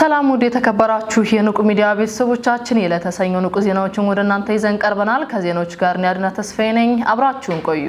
ሰላም ውድ የተከበራችሁ የንቁ ሚዲያ ቤተሰቦቻችን የለተሰኘው ንቁ ዜናዎችን ወደ እናንተ ይዘን ቀርበናል። ከዜናዎች ጋር እኔ ተስፋዬ ነኝ። አብራችሁን ቆዩ።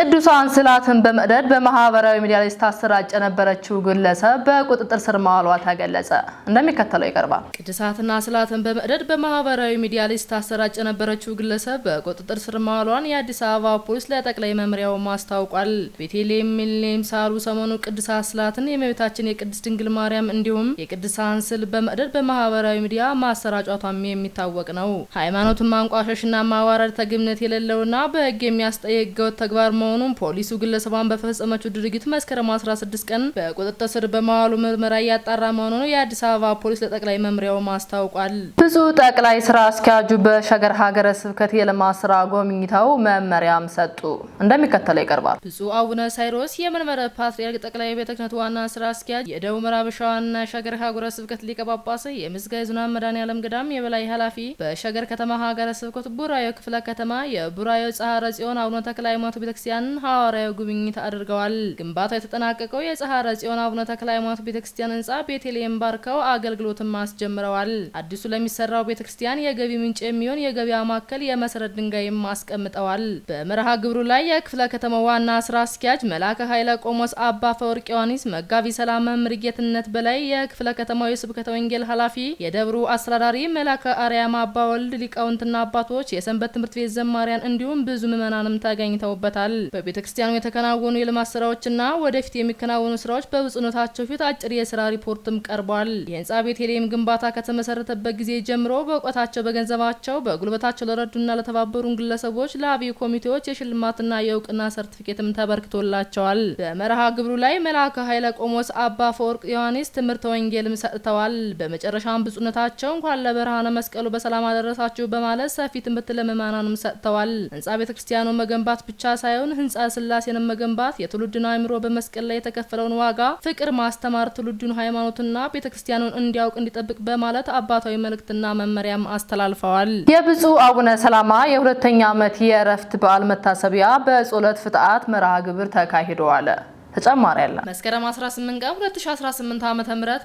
ቅዱሳን ስዕላትን በመቅደድ በማህበራዊ ሚዲያ ላይ ስታሰራጭ የነበረችው ግለሰብ በቁጥጥር ስር መዋሏ ተገለጸ። እንደሚከተለው ይቀርባል። ቅዱሳትና ስዕላትን በመቅደድ በማህበራዊ ሚዲያ ላይ ስታሰራጭ የነበረችው ግለሰብ በቁጥጥር ስር መዋሏን የአዲስ አበባ ፖሊስ ለጠቅላይ መምሪያው ማስታውቋል። ቤቴሌም ሚሊኒየም ሳሉ ሰሞኑ ቅዱሳት ስዕላትን የእመቤታችን የቅድስት ድንግል ማርያም እንዲሁም የቅዱሳን ስዕል በመቅደድ በማህበራዊ ሚዲያ ማሰራጫቷም የሚታወቅ ነው። ሃይማኖትን ማንቋሸሽና ማዋረድ ተገቢነት የሌለውና በህግ የሚያስጠይቅ ህገወጥ ተግባር መሆኑን ፖሊሱ ግለሰቧን በፈጸመችው ድርጊት መስከረም 16 ቀን በቁጥጥር ስር በመዋሉ ምርመራ እያጣራ መሆኑን የአዲስ አበባ ፖሊስ ለጠቅላይ መምሪያው ማስታውቋል። ብፁዕ ጠቅላይ ስራ አስኪያጁ በሸገር ሀገረ ስብከት የልማት ስራ ጎብኝተው መመሪያም ሰጡ። እንደሚከተለው ይቀርባል። ብፁዕ አቡነ ሳይሮስ የመንበረ ፓትርያርክ ጠቅላይ ቤተ ክህነት ዋና ስራ አስኪያጅ፣ የደቡብ ምዕራብ ሸዋና ሸገር ሀገረ ስብከት ሊቀ ጳጳስ፣ የምስጋየ ኅዙናን መድኃኔዓለም ገዳም የበላይ ኃላፊ፣ በሸገር ከተማ ሀገረ ስብከት ቡራዮ ክፍለ ከተማ የቡራዮ ጸሐረ ጽዮን አቡነ ተክለ ሃይማኖት ቤተክርስቲያን ቤተክርስቲያን ሐዋርያዊ ጉብኝት አድርገዋል። ግንባታ የተጠናቀቀው የጸሐረ ጽዮን አቡነ ተክለ ሃይማኖት ቤተክርስቲያን ህንጻ ቤተልሔም ባርከው አገልግሎትም አስጀምረዋል። አዲሱ ለሚሰራው ቤተክርስቲያን የገቢ ምንጭ የሚሆን የገበያ ማዕከል የመሰረት ድንጋይም አስቀምጠዋል። በመርሃ ግብሩ ላይ የክፍለ ከተማ ዋና ስራ አስኪያጅ መላከ ኃይለ ቆሞስ አባ ፈወርቅ ዮሐንስ፣ መጋቢ ሰላም ምርጌትነት በላይ፣ የክፍለ ከተማው የስብከተ ወንጌል ኃላፊ፣ የደብሩ አስተዳዳሪ መላከ አርያም አባ ወልድ፣ ሊቃውንትና አባቶች፣ የሰንበት ትምህርት ቤት ዘማሪያን እንዲሁም ብዙ ምዕመናንም ተገኝተውበታል። በቤተ ክርስቲያኑ የተከናወኑ የልማት ስራዎችና ወደፊት የሚከናወኑ ስራዎች በብፁዕነታቸው ፊት አጭር የስራ ሪፖርትም ቀርቧል። የህንጻ ቤተልሔም ግንባታ ከተመሰረተበት ጊዜ ጀምሮ በእውቀታቸው፣ በገንዘባቸው፣ በጉልበታቸው ለረዱና ለተባበሩን ግለሰቦች ለአብይ ኮሚቴዎች የሽልማትና የእውቅና ሰርቲፊኬትም ተበርክቶላቸዋል። በመርሃ ግብሩ ላይ መልአከ ኃይለ ቆሞስ አባ ፈወርቅ ዮሐንስ ትምህርተ ወንጌልም ሰጥተዋል። በመጨረሻም ብፁዕነታቸው እንኳን ለብርሃነ መስቀሉ በሰላም አደረሳችሁ በማለት ሰፊ ትምህርት ለምእመናኑም ሰጥተዋል። ህንጻ ቤተክርስቲያኑ መገንባት ብቻ ሳይሆን ያለውን ህንጻ ስላሴን መገንባት የትውልድን አእምሮ በመስቀል ላይ የተከፈለውን ዋጋ ፍቅር ማስተማር ትውልዱን ሃይማኖትና ቤተ ክርስቲያኑን እንዲያውቅ እንዲጠብቅ በማለት አባታዊ መልእክትና መመሪያም አስተላልፈዋል። የብፁዕ አቡነ ሰላማ የሁለተኛ ዓመት የእረፍት በዓል መታሰቢያ በጸሎተ ፍትሐት መርሃ ግብር ተካሂዶ አለ። ተጨማሪ አለ። መስከረም 18 ቀን 2018 ዓ.ም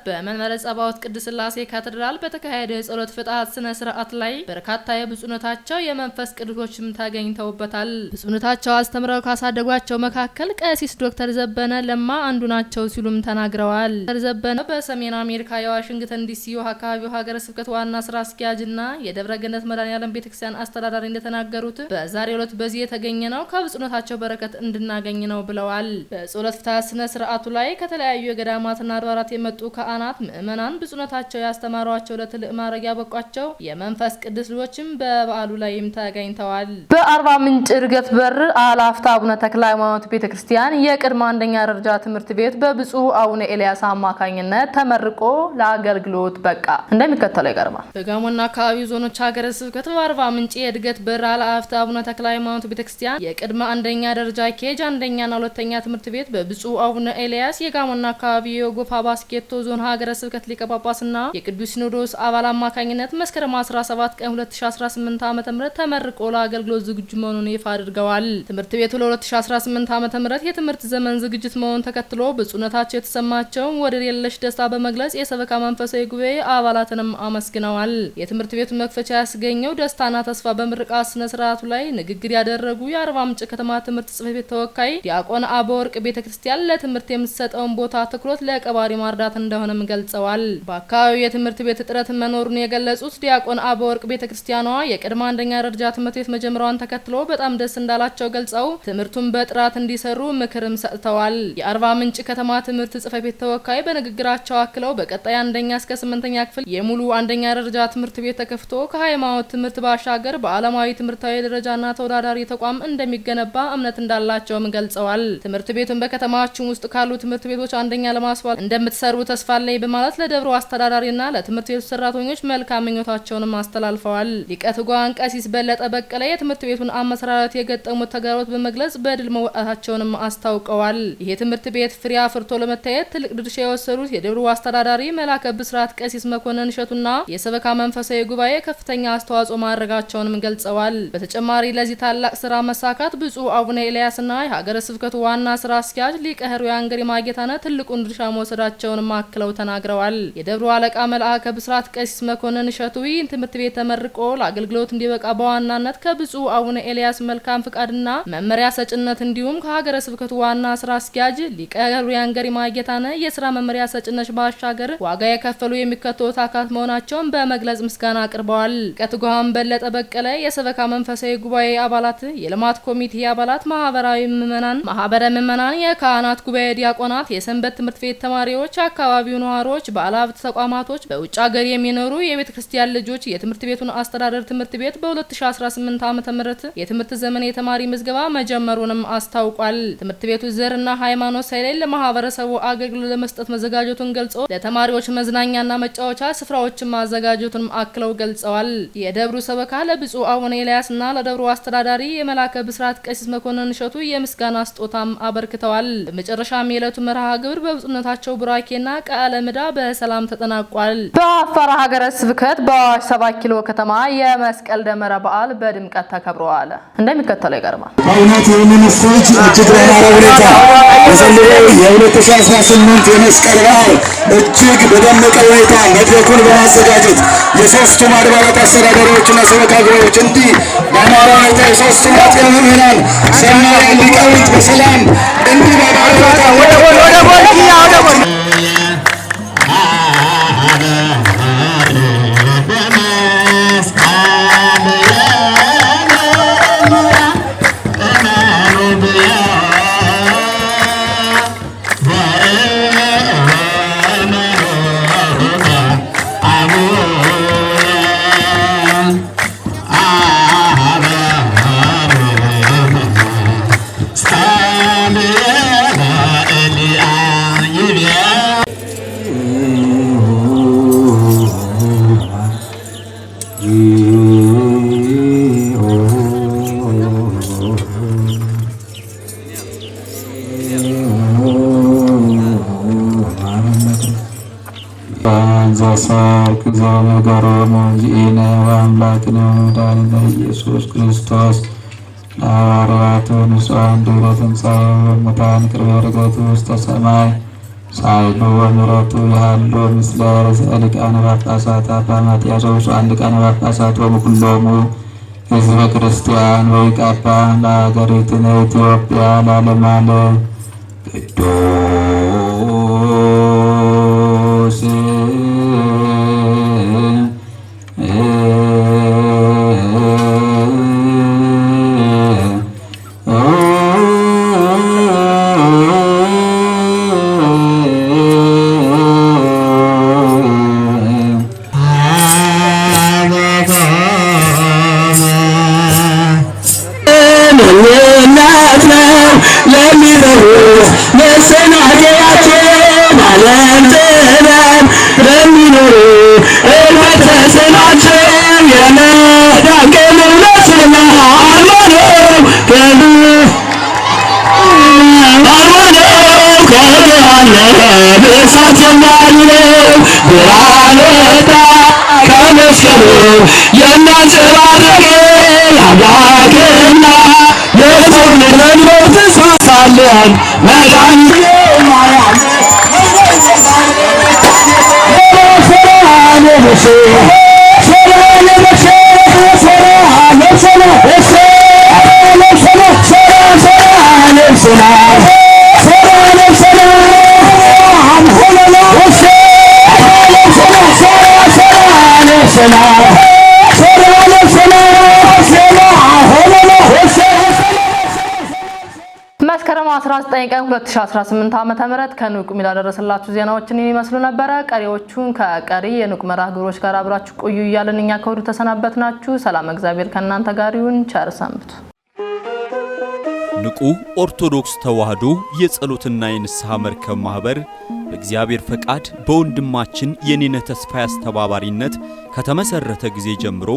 በመንበረ ጸባዖት ቅድስት ሥላሴ ካቴድራል በተካሄደ የጸሎት ፍትሐት ስነ ስርዓት ላይ በርካታ የብፁዕነታቸው የመንፈስ ቅዱሶችም ተገኝተውበታል። ብፁዕነታቸው አስተምረው ካሳደጓቸው መካከል ቀሲስ ዶክተር ዘበነ ለማ አንዱ ናቸው ሲሉም ተናግረዋል። ዶክተር ዘበነ በሰሜን አሜሪካ የዋሽንግተን ዲሲ አካባቢው ሀገረ ስብከት ዋና ስራ አስኪያጅና የደብረ ገነት መድኃኔዓለም ቤተክርስቲያን አስተዳዳሪ እንደተናገሩት በዛሬው ዕለት በዚህ የተገኘ ነው ከብፁዕነታቸው በረከት እንድናገኝ ነው ብለዋል። በጸሎት መፍታት ስነ ስርዓቱ ላይ ከተለያዩ የገዳማትና አድባራት የመጡ ካህናት ምእመናን ብፁዕነታቸው ያስተማሯቸው ለትልቅ ማድረግ ያበቋቸው የመንፈስ ቅዱስ ልጆችም በበዓሉ ላይም ተገኝተዋል። በአርባ ምንጭ እርገት በር አላፍታ አቡነ ተክለ ሃይማኖት ቤተ ክርስቲያን የቅድመ አንደኛ ደረጃ ትምህርት ቤት በብፁዕ አቡነ ኤልያስ አማካኝነት ተመርቆ ለአገልግሎት በቃ። እንደሚከተለው ይቀርባል። በጋሞና አካባቢው ዞኖች ሀገረ ስብከት በአርባ ምንጭ የእድገት በር አላፍታ አቡነ ተክለ ሃይማኖት ቤተ ክርስቲያን የቅድመ አንደኛ ደረጃ ኬጅ አንደኛና ሁለተኛ ትምህርት ቤት ብፁዕ አቡነ ኤልያስ የጋሞና አካባቢ የጎፋ ባስኬቶ ዞን ሀገረ ስብከት ሊቀ ጳጳስና የቅዱስ ሲኖዶስ አባል አማካኝነት መስከረም 17 ቀን 2018 ዓ ም ተመርቆ ለአገልግሎት ዝግጁ መሆኑን ይፋ አድርገዋል። ትምህርት ቤቱ ለ2018 ዓ ም የትምህርት ዘመን ዝግጅት መሆኑን ተከትሎ ብፁዕነታቸው የተሰማቸውን ወደር የለሽ ደስታ በመግለጽ የሰበካ መንፈሳዊ ጉባኤ አባላትንም አመስግነዋል። የትምህርት ቤቱ መክፈቻ ያስገኘው ደስታና ተስፋ በምርቃት ስነ ስርዓቱ ላይ ንግግር ያደረጉ የአርባ ምንጭ ከተማ ትምህርት ጽሕፈት ቤት ተወካይ ዲያቆን አበወርቅ ቤተ ክርስቲያን ለትምህርት የምትሰጠውን ቦታ ትኩረት ለቀባሪ ማርዳት እንደሆነም ገልጸዋል። በአካባቢው የትምህርት ቤት እጥረት መኖሩን የገለጹት ዲያቆን አበወርቅ ቤተ ክርስቲያኗ የቅድመ አንደኛ ደረጃ ትምህርት ቤት መጀመሯን ተከትሎ በጣም ደስ እንዳላቸው ገልጸው ትምህርቱን በጥራት እንዲሰሩ ምክርም ሰጥተዋል። የአርባ ምንጭ ከተማ ትምህርት ጽሕፈት ቤት ተወካይ በንግግራቸው አክለው በቀጣይ አንደኛ እስከ ስምንተኛ ክፍል የሙሉ አንደኛ ደረጃ ትምህርት ቤት ተከፍቶ ከሃይማኖት ትምህርት ባሻገር በዓለማዊ ትምህርታዊ ደረጃና ተወዳዳሪ ተቋም እንደሚገነባ እምነት እንዳላቸውም ገልጸዋል። ትምህርት ቤቱን በከተማችን ውስጥ ካሉ ትምህርት ቤቶች አንደኛ ለማስባል እንደምትሰሩ ተስፋ አለኝ በማለት ለደብሮ አስተዳዳሪና ለትምህርት ቤቱ ሰራተኞች መልካም ምኞታቸውንም አስተላልፈዋል። ሊቀ ትጉሃን ቀሲስ በለጠ በቀለ የትምህርት ቤቱን አመሰራረት የገጠሙት ተግዳሮት በመግለጽ በድል መውጣታቸውንም አስታውቀዋል። ይሄ ትምህርት ቤት ፍሬ አፍርቶ ለመታየት ትልቅ ድርሻ የወሰዱት የደብሮ አስተዳዳሪ መላከ ብስራት ቀሲስ መኮንን እሸቱና የሰበካ መንፈሳዊ ጉባኤ ከፍተኛ አስተዋጽኦ ማድረጋቸውንም ገልጸዋል። በተጨማሪ ለዚህ ታላቅ ስራ መሳካት ብፁዕ አቡነ ኤልያስና የሀገረ ስብከቱ ዋና ስራ አስኪያጅ አዘጋጅ ሊቀ ሕሩያን ገሪማ ጌታነህ ትልቁን ድርሻ መውሰዳቸውን አክለው ተናግረዋል። የደብሩ አለቃ መልአከ ብስራት ቀሲስ መኮንን እሸቱዊ ትምህርት ቤት ተመርቆ ለአገልግሎት እንዲበቃ በዋናነት ከብፁዕ አቡነ ኤልያስ መልካም ፍቃድና መመሪያ ሰጭነት እንዲሁም ከሀገረ ስብከቱ ዋና ስራ አስኪያጅ ሊቀ ሕሩያን ገሪማ ጌታነህ የስራ መመሪያ ሰጭነት ባሻገር ዋጋ የከፈሉ የሚከተሉት አካት መሆናቸውን በመግለጽ ምስጋና አቅርበዋል። ሊቀ በለጠ በቀለ የሰበካ መንፈሳዊ ጉባኤ አባላት፣ የልማት ኮሚቴ አባላት፣ ማህበራዊ ምዕመናን፣ ማህበረ ምዕመናን፣ የካህናት ጉባኤ ዲያቆናት፣ የሰንበት ትምህርት ቤት ተማሪዎች፣ አካባቢው ነዋሪዎች፣ ባለሀብት ተቋማቶች፣ በውጭ ሀገር የሚኖሩ የቤተ ክርስቲያን ልጆች የትምህርት ቤቱን አስተዳደር ትምህርት ቤት በ2018 ዓ ም የትምህርት ዘመን የተማሪ ምዝገባ መጀመሩንም አስታውቋል። ትምህርት ቤቱ ዘርና ሃይማኖት ሳይለይ ለማህበረሰቡ አገልግሎት ለመስጠት መዘጋጀቱን ገልጾ ለተማሪዎች መዝናኛና መጫወቻ ስፍራዎችን ማዘጋጀቱንም አክለው ገልጸዋል። የደብሩ ሰበካ ለብፁዕ አቡነ ኤልያስና ለደብሩ አስተዳዳሪ የመላከ ብስራት ቀሲስ መኮንን እሸቱ የምስጋና ስጦታም አበርክተዋል። ተጠናቋል። በመጨረሻም የዕለቱ መርሃ ግብር በብፁዕነታቸው ቡራኬና ቃለ ምዳ በሰላም ተጠናቋል። በአፋር ሀገረ ስብከት በአዋሽ 7 ኪሎ ከተማ የመስቀል ደመራ በዓል በድምቀት ተከብረዋል። እንደሚከተለው ይቀርባል። በእውነት ይህንን ስቶች እጅግ በማረ ሁኔታ በዘንድሮው የ2018 የመስቀል በዓል እጅግ በደመቀ ሁኔታ መድረኩን በማዘጋጀት የሶስቱም አድባራት አስተዳዳሪዎችና ሰበካ ጉባኤዎች እንዲህ በአማራ ሁኔታ የሶስቱም አጥቢያ ምዕመናን ሰማይ ሊቃውንት በሰላም በገሮ መግዚእነ አምላክነ መድኃኒነ ኢየሱስ ክርስቶስ ለሐዋርያቱ ንጹሐን ድኅረ ትንሣኤ ወሙታን ቅድመ ዕርገቱ ውስተ ሰማይ ሳይሉ ወምሕረቱ ምስለ ርእሰ ሊቃነ ጳጳሳት አባ ማትያስ ወብፁዓን ሊቃነ ጳጳሳት ሕዝበ ክርስቲያን ለአገሪትነ ኢትዮጵያ ለዓለምለ ቅዱስ ለእናት ነው ለሚበሩት መሰናከያችን ዓለም ጥበብ ለሚኖሩ እልፈተስናችን የመዳገም እውነትና አርማነው ከሉ አርማነው ከሉ አለ ብእሳት የማይለው ብርሃን ወጣ ከመስቀሉ የሚያንጸባርቅ አምላክና ተሳሳለን 9 ቀን 2018 ዓ.ም ከንቁ ሚዲያ ደረሰላችሁ ዜናዎችን የሚመስሉ ነበረ። ቀሪዎቹን ከቀሪ የንቁ መርሃ ግብሮች ጋር አብራችሁ ቆዩ እያለን እኛ ተሰናበት ናችሁ ሰላም እግዚአብሔር ከእናንተ ጋር ይሁን። ቸር ሰንብቱ። ንቁ ኦርቶዶክስ ተዋህዶ የጸሎትና የንስሐ መርከብ ማኅበር በእግዚአብሔር ፈቃድ በወንድማችን የኔነ ተስፋ አስተባባሪነት ከተመሠረተ ጊዜ ጀምሮ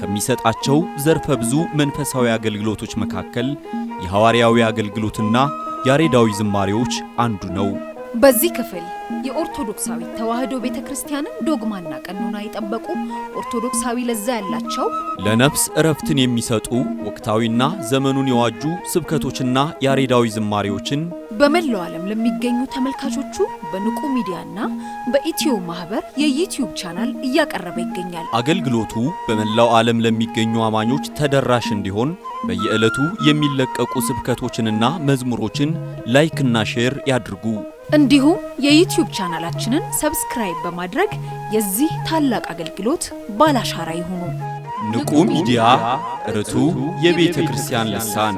ከሚሰጣቸው ዘርፈ ብዙ መንፈሳዊ አገልግሎቶች መካከል የሐዋርያዊ አገልግሎትና ያሬዳዊ ዝማሬዎች አንዱ ነው። በዚህ ክፍል የኦርቶዶክሳዊ ተዋህዶ ቤተ ክርስቲያንን ዶግማና ቀኖና የጠበቁ ኦርቶዶክሳዊ ለዛ ያላቸው ለነፍስ እረፍትን የሚሰጡ ወቅታዊና ዘመኑን የዋጁ ስብከቶችና ያሬዳዊ ዝማሬዎችን በመላው ዓለም ለሚገኙ ተመልካቾቹ በንቁ ሚዲያና በኢትዮ ማህበር የዩትዩብ ቻናል እያቀረበ ይገኛል። አገልግሎቱ በመላው ዓለም ለሚገኙ አማኞች ተደራሽ እንዲሆን በየዕለቱ የሚለቀቁ ስብከቶችንና መዝሙሮችን ላይክና ሼር ያድርጉ። እንዲሁም የዩትዩብ ቻናላችንን ሰብስክራይብ በማድረግ የዚህ ታላቅ አገልግሎት ባላሻራ ይሁኑ። ንቁ ሚዲያ ርቱ የቤተ ክርስቲያን ልሳን